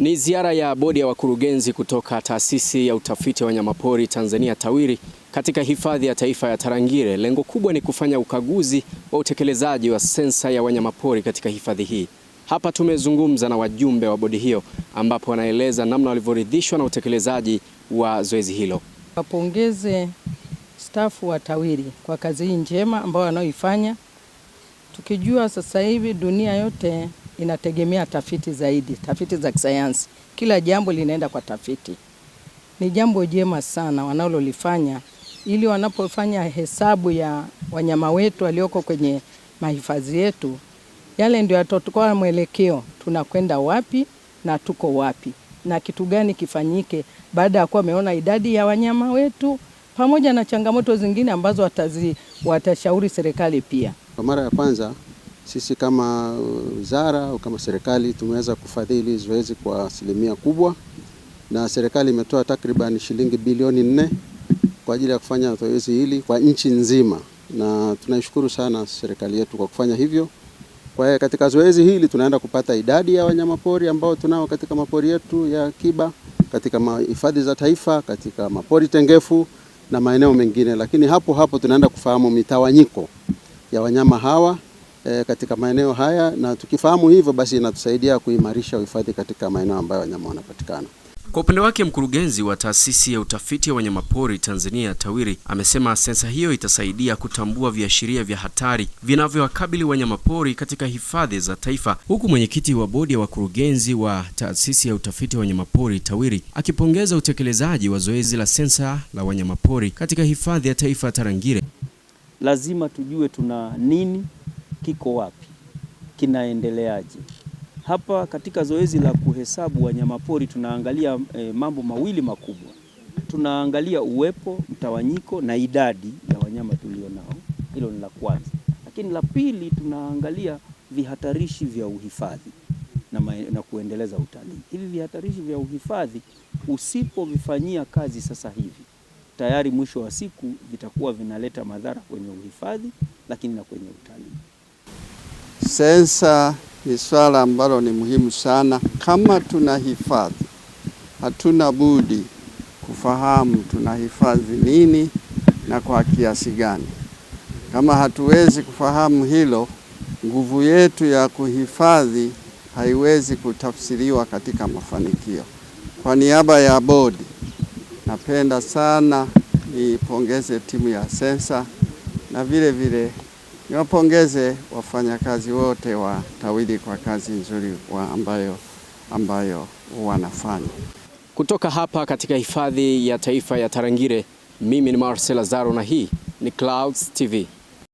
Ni ziara ya bodi ya wakurugenzi kutoka taasisi ya utafiti wa wanyamapori Tanzania TAWIRI katika hifadhi ya taifa ya Tarangire. Lengo kubwa ni kufanya ukaguzi wa utekelezaji wa sensa ya wanyamapori katika hifadhi hii. Hapa tumezungumza na wajumbe wa bodi hiyo, ambapo wanaeleza namna walivyoridhishwa na utekelezaji wa zoezi hilo. Wapongeze stafu wa TAWIRI kwa kazi hii njema ambayo wanaoifanya, tukijua sasa hivi dunia yote inategemea tafiti zaidi, tafiti za kisayansi. Kila jambo linaenda kwa tafiti. Ni jambo jema sana wanalolifanya, ili wanapofanya hesabu ya wanyama wetu walioko kwenye mahifadhi yetu, yale ndio yatatoa mwelekeo, tunakwenda wapi na tuko wapi na kitu gani kifanyike, baada ya kuwa wameona idadi ya wanyama wetu pamoja na changamoto zingine ambazo watazi, watashauri serikali pia. Kwa mara ya kwanza sisi kama uh, wizara au kama serikali tumeweza kufadhili zoezi kwa asilimia kubwa, na serikali imetoa takriban shilingi bilioni nne kwa ajili ya kufanya zoezi hili kwa nchi nzima, na tunaishukuru sana serikali yetu kwa kufanya hivyo. Kwa hiyo katika zoezi hili tunaenda kupata idadi ya wanyamapori ambao tunao katika mapori yetu ya akiba, katika hifadhi za taifa, katika mapori tengefu na maeneo mengine, lakini hapo hapo tunaenda kufahamu mitawanyiko ya wanyama hawa e, katika maeneo haya, na tukifahamu hivyo basi inatusaidia kuimarisha uhifadhi katika maeneo ambayo wanyama wanapatikana. Kwa upande wake mkurugenzi wa taasisi ya utafiti wa wanyamapori Tanzania TAWIRI amesema sensa hiyo itasaidia kutambua viashiria vya hatari vinavyowakabili wanyamapori katika hifadhi za taifa, huku mwenyekiti wa bodi ya wakurugenzi wa taasisi ya utafiti wa wanyamapori TAWIRI akipongeza utekelezaji wa zoezi la sensa la wanyamapori katika hifadhi ya taifa Tarangire. Lazima tujue tuna nini kiko wapi, kinaendeleaje. Hapa katika zoezi la kuhesabu wanyamapori tunaangalia e, mambo mawili makubwa. Tunaangalia uwepo, mtawanyiko na idadi ya wanyama tulio nao, hilo ni la kwanza. Lakini la pili tunaangalia vihatarishi vya uhifadhi na, na kuendeleza utalii. Hivi vihatarishi vya uhifadhi usipovifanyia kazi sasa hivi, tayari mwisho wa siku vitakuwa vinaleta madhara kwenye uhifadhi, lakini na kwenye utalii. Sensa ni swala ambalo ni muhimu sana. Kama tunahifadhi, hatuna budi kufahamu tunahifadhi nini na kwa kiasi gani. Kama hatuwezi kufahamu hilo, nguvu yetu ya kuhifadhi haiwezi kutafsiriwa katika mafanikio. Kwa niaba ya bodi, napenda sana nipongeze timu ya Sensa na vile vile Niwapongeze wafanyakazi wote wa TAWIRI kwa kazi nzuri wa ambayo, ambayo wanafanya. Kutoka hapa katika hifadhi ya taifa ya Tarangire, mimi ni Marcel Lazaro na hii ni Clouds TV.